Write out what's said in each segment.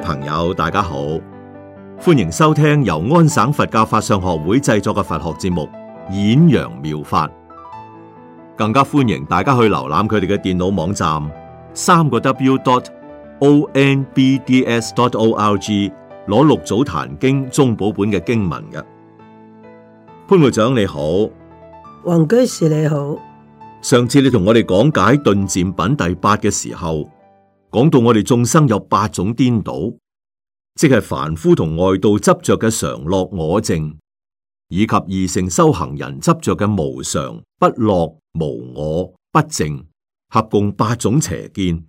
朋友，大家好，歡迎收聽由安省佛教法上學會製作嘅佛學節目《演揚妙法》，更加歡迎大家去瀏覽佢哋嘅電腦網站三個 W 點 O N B D S 點 O L G 攞《六祖壇經宗寶本》嘅經文嘅。潘會長你好，黃居士你好，上次你同我哋講解《頓漸品》第八嘅時候，講到我哋眾生有八種顛倒，即係凡夫同外道執着嘅常樂我淨，以及二乘修行人執着嘅無常不樂無我不淨，合共八種邪見。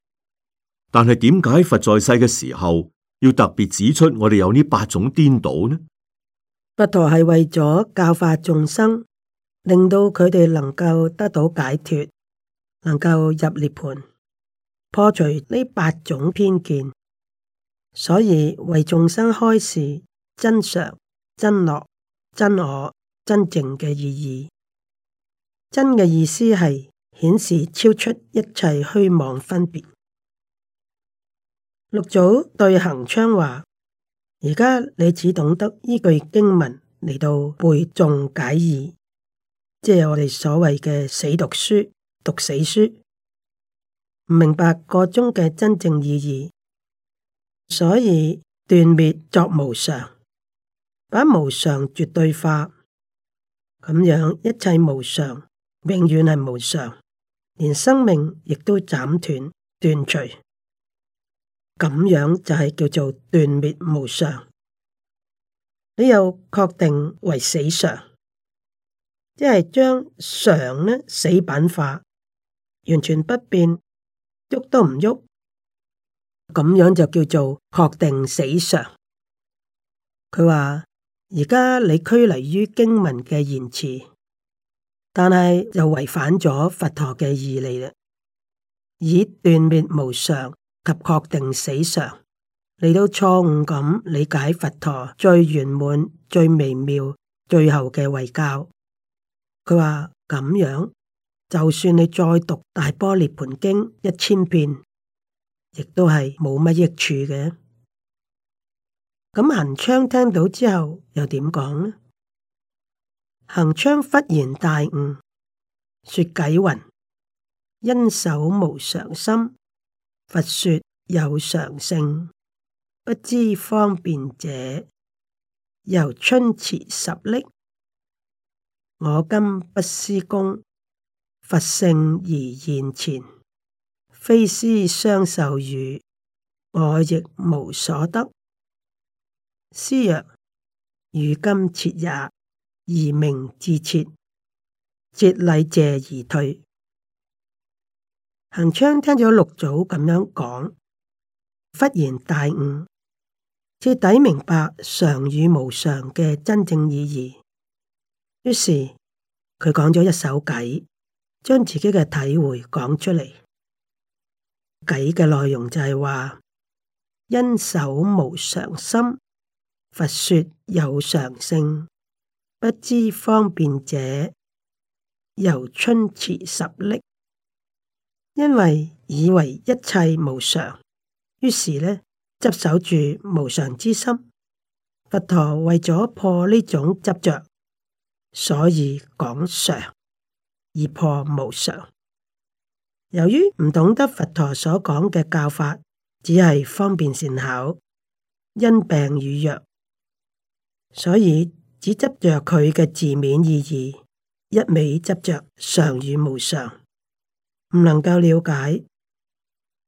但係點解佛在世嘅時候要特別指出我哋有呢八種顛倒呢？佛陀係為咗教化眾生，令到佢哋能夠得到解脫，能夠入涅槃。破除呢八種偏見，所以為眾生開示真常、真樂、真我、真正嘅意義。真嘅意思係顯示超出一切虛妄分別。六祖對行昌話：而家你只懂得依據經文嚟到背誦解義，即係我哋所謂嘅死讀書、讀死書。唔明白個中嘅真正意義，所以斷滅作無常，把無常絕對化，咁樣一切無常永遠係無常，連生命亦都斬斷斷除，咁樣就係叫做斷滅無常。你又確定為死常，即係將常呢死板化，完全不變。喐都唔喐，咁樣就叫做確定死常。佢話而家你拘泥於經文嘅言辭，但係又違反咗佛陀嘅義理啦，以斷滅無常及確定死常，你都錯誤咁理解佛陀最圓滿、最微妙、最後嘅遺教。佢話咁樣。就算你再讀《大般涅槃經》一千遍，亦都係冇乜益處嘅。咁、嗯、行昌聽到之後又點講呢？行昌忽然大悟，說偈云：因守無常心，佛說有常性，不知方便者，猶春池拾礫，我今不施功。佛性而現前，非師相授與，我亦無所得。師曰，汝今徹也，宜名志徹，徹禮謝而退。行昌聽咗六祖咁樣講，忽然大悟，徹底明白常與無常嘅真正意義。於是佢講咗一首偈。將自己嘅體會講出嚟，偈嘅內容就係話：因守無常心，佛說有常性，不知方便者，猶春池拾礫，因為以為一切無常，於是呢，執守住無常之心。佛陀為咗破呢種執着，所以講常。而破無常。由於唔懂得佛陀所講嘅教法，只係方便善巧，因病與藥，所以只執着佢嘅字面意義，一味執着常與無常，唔能夠了解，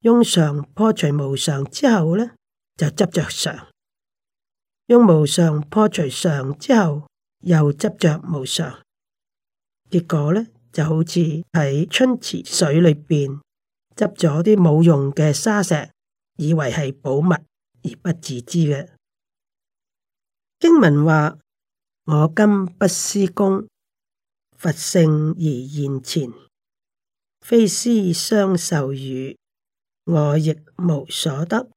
用常破除無常之後呢，就執着常；用無常破除常之後，又執着無常，結果呢。就好似喺春池水裏邊執咗啲冇用嘅沙石，以為係寶物而不自知嘅。經文話：我今不施功，佛性而現前，非師相授與，我亦無所得。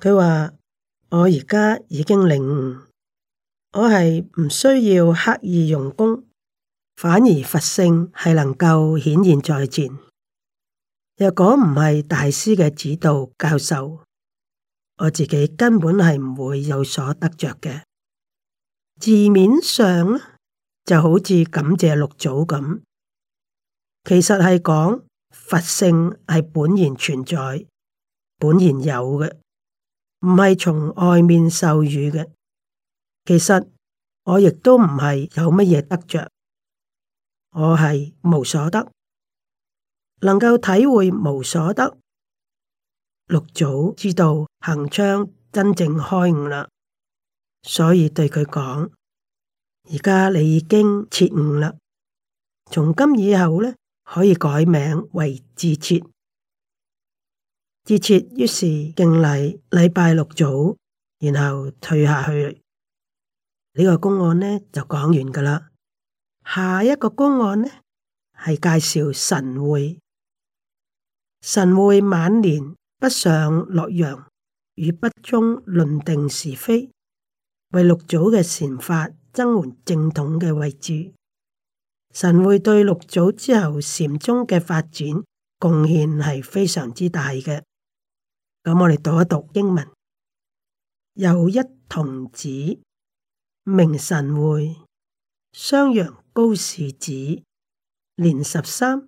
佢話：我而家已經領悟，我係唔需要刻意用功。反而佛性係能夠顯現在前，若果唔係大師嘅指導教授，我自己根本係唔會有所得着嘅。字面上就好似感謝六祖咁，其實係講佛性係本然存在、本然有嘅，唔係從外面授予嘅。其實我亦都唔係有乜嘢得着。我係無所得，能夠體會無所得。六祖知道行昌真正開悟啦，所以對佢講：而家你已經徹悟啦，從今以後呢，可以改名為志徹。」志徹於是敬禮禮禮拜六祖，然後退下去。呢、呢個公案呢就講完噶啦。下一個公案呢，係介紹神會。神會晚年北上洛陽，與北宗論定是非，為六祖嘅禪法爭回正統嘅位置。神會對六祖之後禪宗嘅發展貢獻係非常之大嘅。咁我哋讀一讀經文。有一童子名神會。襄陽高氏子，年十三，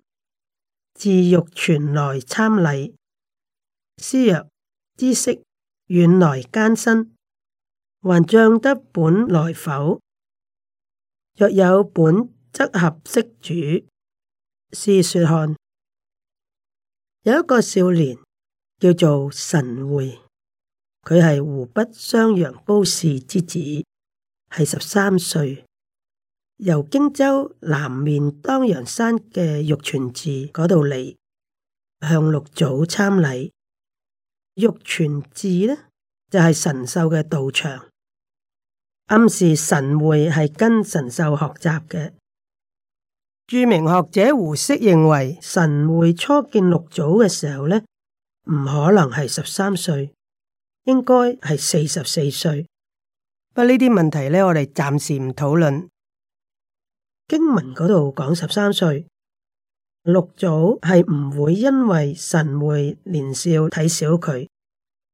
自玉泉來參禮。師曰：知識遠來艱辛，還仗得本來否？若有本，則合識主。試說看，有一個少年叫做神會，佢係湖北襄陽高氏之子，係十三歲。由荊州南面當陽山嘅玉泉寺嗰度嚟向六祖參禮，玉泉寺咧就係神秀嘅道場，暗示神會係跟神秀學習嘅。著名學者胡適認為，神會初見六祖嘅時候咧，唔可能係十三歲，應該係四十四歲。不過呢啲問題咧，我哋暫時唔討論。經文嗰度講十三歲六祖係唔會因為神會年少睇小佢，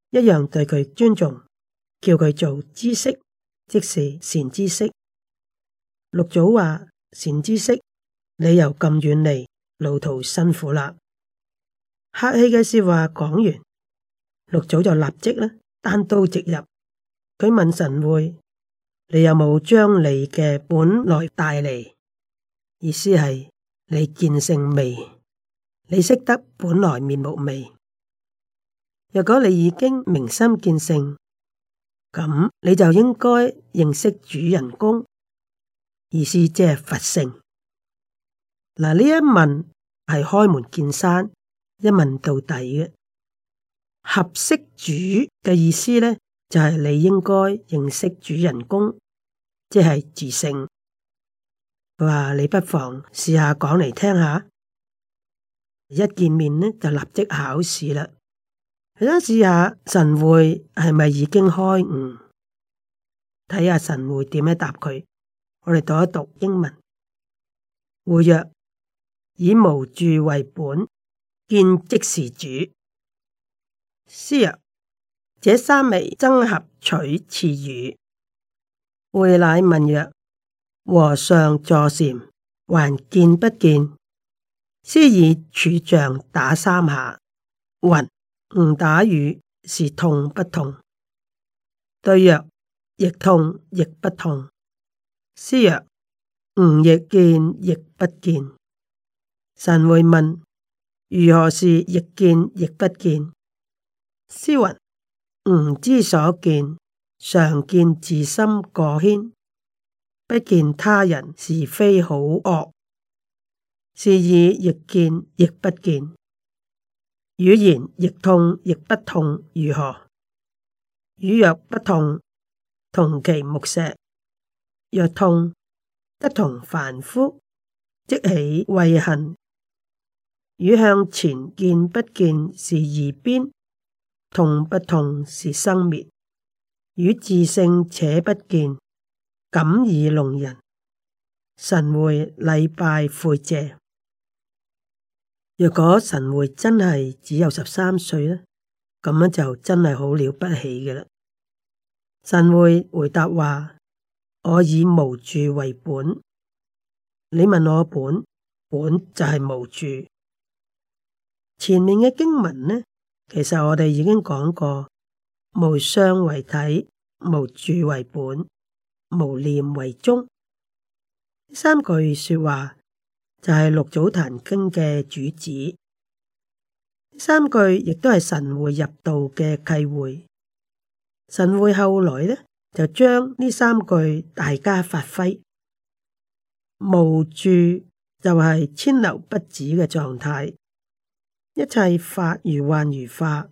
一樣對佢尊重，叫佢做知識，即是善知識。六祖話：善知識，你又咁遠嚟，路途辛苦啦，客氣嘅說話講完，六祖就立即咧，單刀直入，佢問神會：你有冇將你嘅本來帶嚟？意思係你見性未？你識得本來面目未？若果你已經明心見性，咁你就應該認識主人公，意思即係佛性。嗱，呢一問係開門見山，一問到底嘅。合識主嘅意思咧，就係你應該認識主人公，即係自性。佢話你不妨試下講嚟，聽下，一見面呢就立即考試啦。你想試下神會係咪已經開悟？睇下神會點樣答佢。我哋讀一讀英文。會曰：以無住為本，見即是主。師曰：這三味爭合取次語。會乃問曰。和尚坐禪，還見不見？師以拄杖打三下，云：吾打汝是痛不痛？對曰：亦痛亦不痛。師曰：吾亦見亦不見。神會問：如何是亦見亦不見？師云：吾之所見，常見自心過愆。不見他人是非好惡，是以亦見亦不見；語言亦痛亦不痛，如何？汝若不痛，同其木石；若痛，則同凡夫，即起恚恨。汝向前見不見是二邊，痛不痛是生滅。汝自性且不見。敢以弄人，神會禮拜跪謝。若果神會真係只有十三歲呢，咁樣就真係好了不起嘅啦。神會回答話：我以無住為本。你問我本，本就係無住。前面嘅經文呢，其實我哋已經講過，無相為體，無住為本。無念為宗，呢三句說話就係、是、六祖壇經嘅主旨。呢三句亦都係神會入道嘅契會。神會後來呢，就將呢三句大家發揮，無住就係川流不止嘅狀態，一切法如幻如化，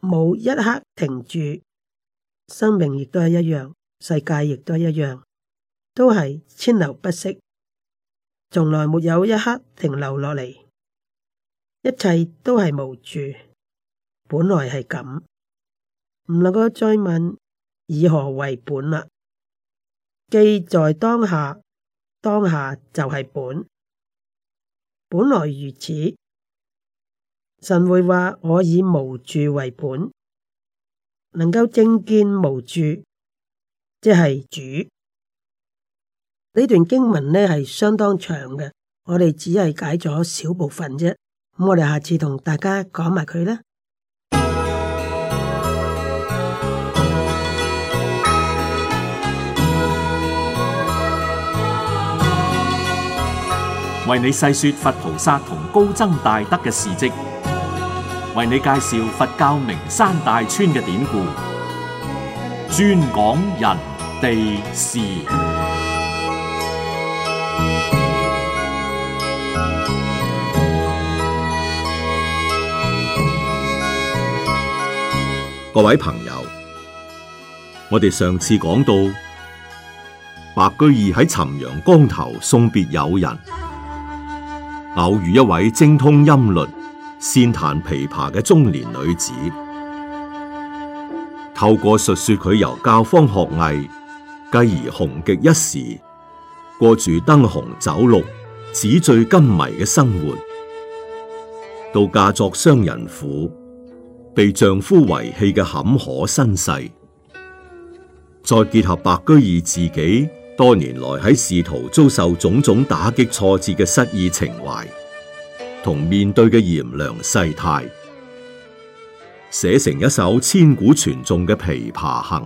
冇一刻停住，生命亦都係一樣。世界亦都一樣，都係川流不息，從來沒有一刻停留落嚟，一切都係無住，本來係咁，唔能夠再問以何為本啦，啊。記在當下，當下就係本，本來如此。神會話我以無住為本，能夠正見無住。即係主呢段經文呢係相當長嘅，我哋只係解咗小部分啫。咁我哋下次同大家講埋佢啦。為你細說佛菩薩同高僧大德嘅事跡，為你介紹佛教名山大川嘅典故，專講人地事，各位朋友，我哋上次講到白居易喺潯陽江頭送別友人，偶遇一位精通音律、善彈琵琶嘅中年女子，透過述說佢由教坊學藝。繼而紅極一時，過住燈紅酒綠、紙醉金迷嘅生活，到嫁作商人婦，被丈夫遺棄嘅坎坷身世，再結合白居易自己多年來喺仕途遭受種種打擊挫折嘅失意情懷，同面對嘅炎涼世態，寫成一首千古傳頌嘅《琵琶行》。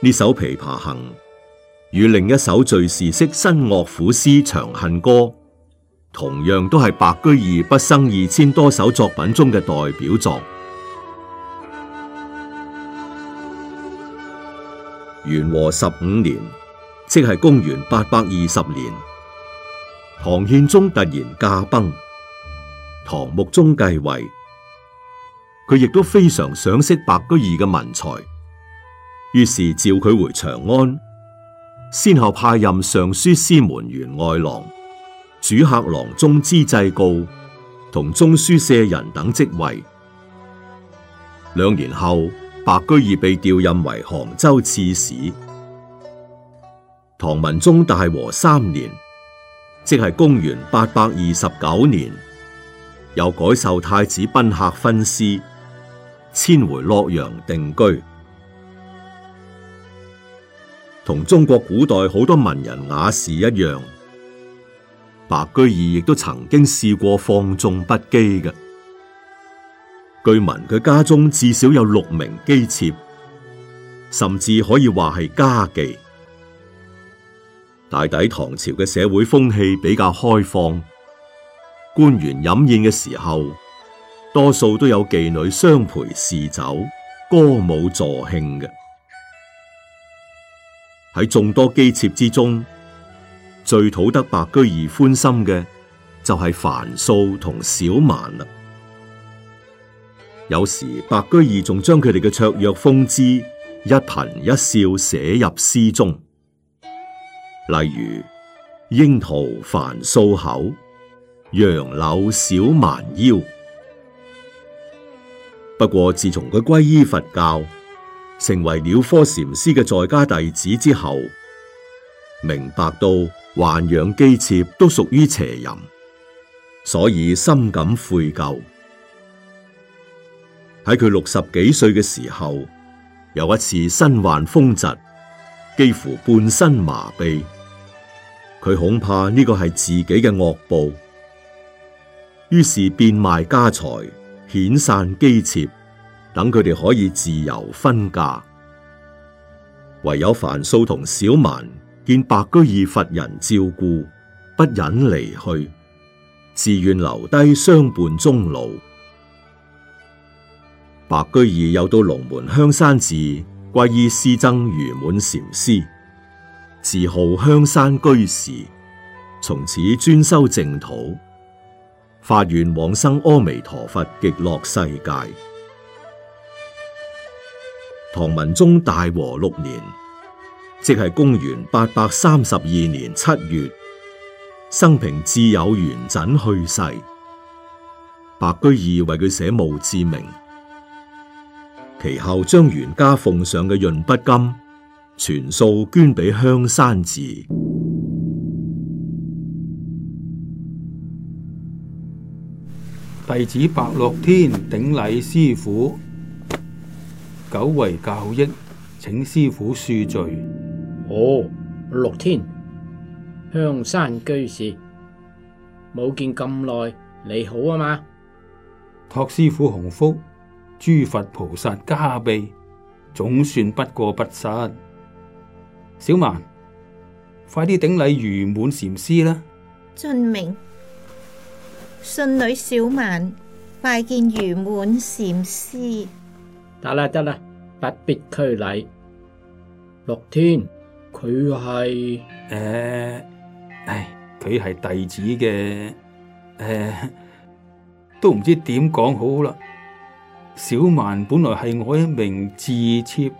呢首《琵琶行》與另一首敘事式新樂府詩《長恨歌》，同樣都係白居易畢生二千多首作品中嘅代表作。元和十五年，即係公元八百二十年，唐憲宗突然駕崩，唐穆宗繼位，佢亦都非常賞識白居易嘅文才。於是召佢回長安，先後派任尚書司門員外郎、主客郎中之制誥，同中書舍人等職位。兩年後，白居易被調任為杭州刺史。唐文宗大和三年，即係公元八百二十九年，又改授太子賓客分司，遷回洛陽定居。同中國古代好多文人雅士一樣，白居易亦都曾經試過放縱不羈嘅。據聞佢家中至少有六名姬妾，甚至可以話係家妓。大抵唐朝嘅社會風氣比較開放，官員飲宴嘅時候，多數都有妓女相陪侍酒、歌舞助興嘅。喺眾多姬妾之中，最討得白居易歡心嘅就係、是、樊素同小蠻啦。有時白居易仲將佢哋嘅綽約風姿一顰一笑寫入詩中，例如櫻桃樊素口，楊柳小蠻腰。不過自從佢皈依佛教。成為鳥科禪師嘅在家弟子之後，明白到豢養姬妾都屬於邪淫，所以深感悔疚。喺佢六十幾歲嘅時候，有一次身患風疾，幾乎半身麻痹，佢恐怕呢個係自己嘅惡報，於是變賣家財，遣散姬妾。等佢哋可以自由分家，唯有凡素同小蠻見白居易佛人照顧，不忍離去，自願留低相伴終老。白居易又到龍門香山寺，皈依師僧如滿禪師，自號香山居士，從此專修淨土，發願往生阿彌陀佛極樂世界。唐文宗大和六年，即係公元八百三十二年七月，生平自有元稹去世。白居易為佢寫墓誌銘，其後將袁家奉上嘅潤筆金全數捐俾香山寺。弟子白樂天頂禮師傅。久違教益，請師傅恕罪。哦，六天香山居士，冇見咁耐，你好啊嘛！託師傅洪福，諸佛菩薩加庇，總算不過不失。小曼，快啲頂禮如滿禪師啦！遵命，信女小曼拜見如滿禪師。得啦得啦，不必拘禮。六天，佢係誒，誒、欸，佢係弟子嘅，誒、欸，都唔知點講好啦。小曼本來係我一名智妾，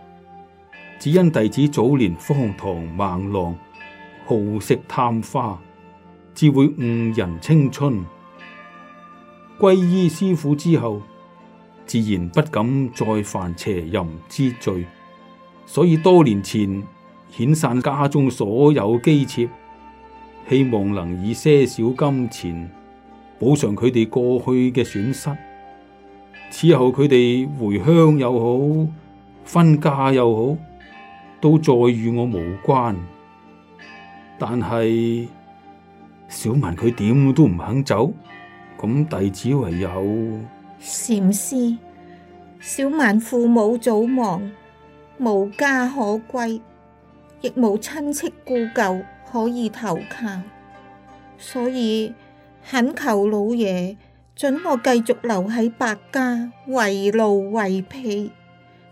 只因弟子早年荒唐孟浪，好色貪花，只會誤人青春。皈依師父之後。自然不敢再犯邪淫之罪，所以多年前遣散家中所有姬妾，希望能以些少金錢補償佢哋過去嘅損失。此後佢哋回鄉又好，分家又好，都再與我無關。但係小文佢點都唔肯走，咁弟子唯有。禪師，小曼，父母早亡，無家可歸，亦無親戚故舊可以投靠，所以懇求老爺准我繼續留喺白家為奴為婢，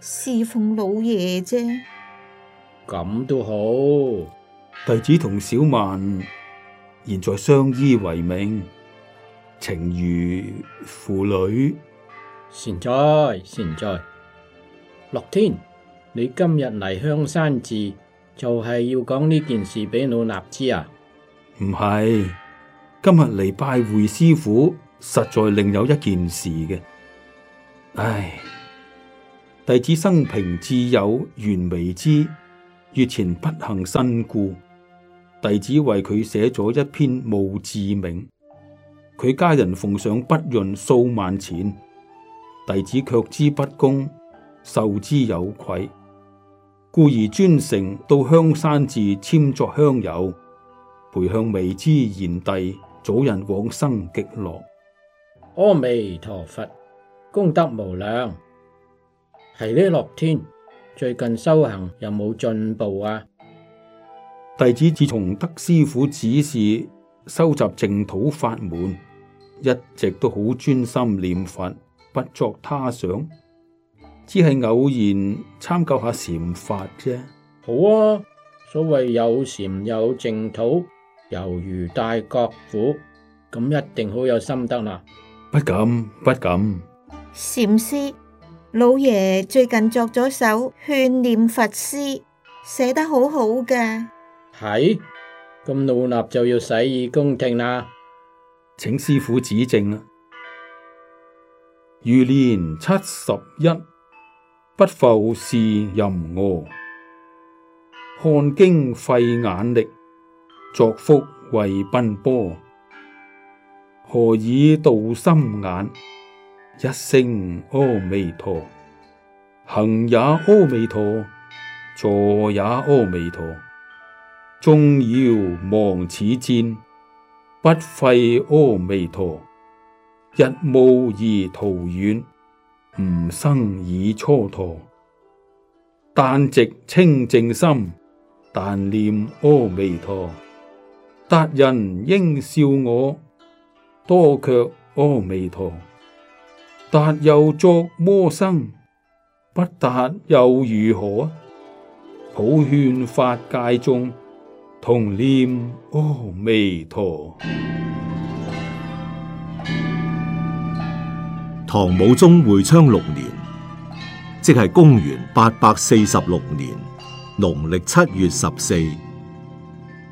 侍奉老爺啫。咁都好，弟子同小曼現在相依為命。情如父女，善哉善哉。樂天，你今日嚟香山寺就係要講呢件事俾老衲知啊？唔係，今日嚟拜會師傅，實在另有一件事嘅。唉，弟子生平摯友元微之，月前不幸身故，弟子為佢寫咗一篇墓誌銘。佢家人奉上不潤數萬錢，弟子卻之不恭，受之有愧，故而專程到香山寺簽作香友，陪向未知賢弟，早日往生極樂。阿彌陀佛，功德無量。係呢，樂天最近修行有冇進步啊？弟子自從得師傅指示，收集淨土法門，一直都好專心念佛，不作他想，只係偶然參究下禪法啫。好啊，所謂有禪有淨土，猶如戴角虎，咁一定好有心得啦。不敢，不敢。禪師老爺最近作咗首勸念佛詩，寫得好好㗎。係咁，老衲就要洗耳恭聽啦。請師父指正啊！余年七十一，不復事人我，看經費眼力，作福為奔波。何以度心眼？一聲阿彌陀，行也阿彌陀，坐也阿彌陀，終要望此箭。不廢阿彌陀，日暮而途遠，吾生已蹉跎。但直清淨心，但念阿彌陀。達人應笑我，多卻阿彌陀。達又作魔生，不達又如何？普勸法界眾，同念阿彌陀。唐武宗會昌六年，即係公元八百四十六年，農曆七月十四，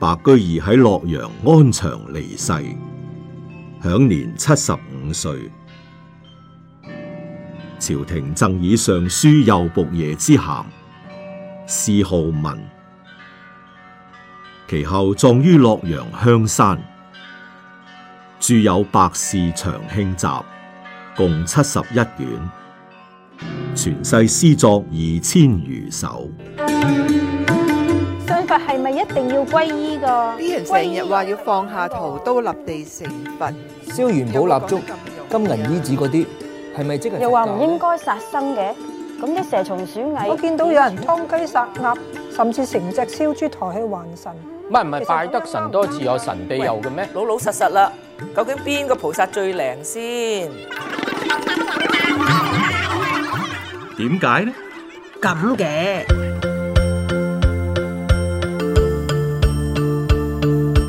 白居易喺洛陽安詳離世，享年七十五歲。朝廷贈以尚書右僕射之銜，謚號文。其後葬於洛陽香山，著有《白氏長慶集》，共七十一卷，全世詩作二千餘首。信佛係咪一定要皈依噶？啲人成日話要放下屠刀立地成佛，燒元寶蠟燭、金銀衣紙嗰啲，係咪即係？又話唔應該殺生嘅，咁啲蛇蟲鼠蟻，我見到有人湯雞殺鴨，甚至成隻燒豬抬去還神。唔唔係，拜得神多自有神庇佑嘅咩？老老實實啦，究竟邊個菩薩最靚先？點解咧？咁嘅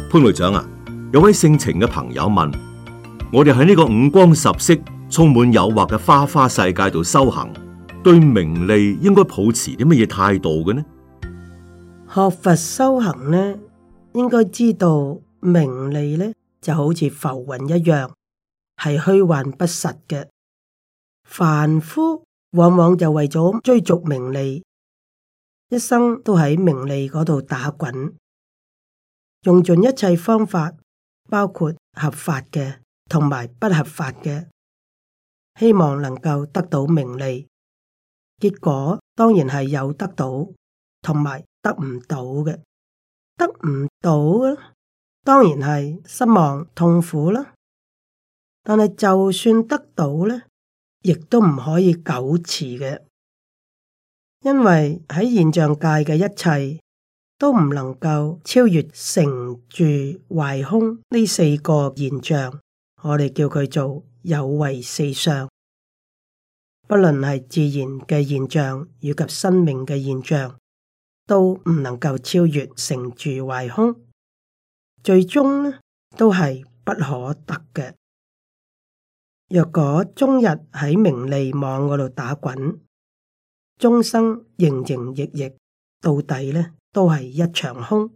潘會長啊，有位姓程嘅朋友問：我哋喺呢個五光十色、充滿誘惑嘅花花世界度修行，對名利應該抱持啲乜嘢態度嘅呢？學佛修行呢，應該知道名利呢就好似浮雲一樣，係虛幻不實嘅。凡夫往往就為咗追逐名利，一生都喺名利嗰度打滾，用盡一切方法，包括合法嘅同埋不合法嘅，希望能夠得到名利。結果當然係有得到，同埋。得唔到嘅，得唔到啦，當然係失望、痛苦啦。但係就算得到呢，亦都唔可以久持嘅，因為喺現象界嘅一切，都唔能夠超越成住壞空呢四個現象。我哋叫佢做有為四相，不論係自然嘅現象以及生命嘅現象。都唔能夠超越成住壞空，最終呢都係不可得嘅。若果終日喺名利網嗰度打滾，終生營營役役，到底呢都係一場空。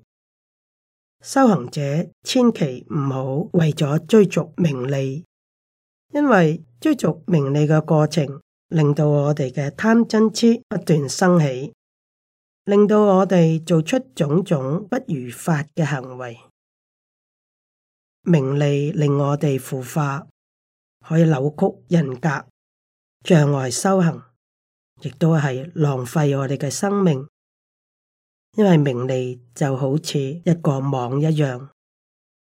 修行者千祈唔好為咗追逐名利，因為追逐名利嘅過程，令到我哋嘅貪嗔痴不斷生起。令到我哋做出種種不如法嘅行為，名利令我哋腐化，可以扭曲人格、障礙修行，亦都係浪費我哋嘅生命。因為名利就好似一個網一樣，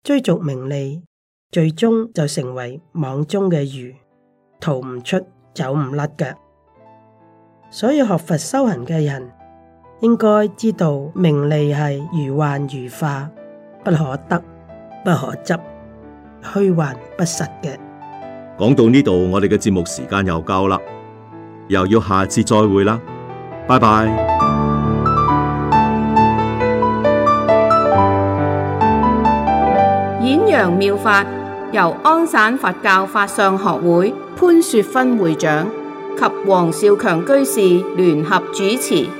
追逐名利，最終就成為網中嘅魚，逃唔出，走唔甩嘅。所以學佛修行嘅人，應該知道名利係如幻如化，不可得，不可執，虛幻不實嘅。講到呢度，我哋嘅節目時間又夠啦，又要下次再會啦，拜拜。演揚妙法由安省佛教法相學會潘雪芬會長及黃少強居士聯合主持。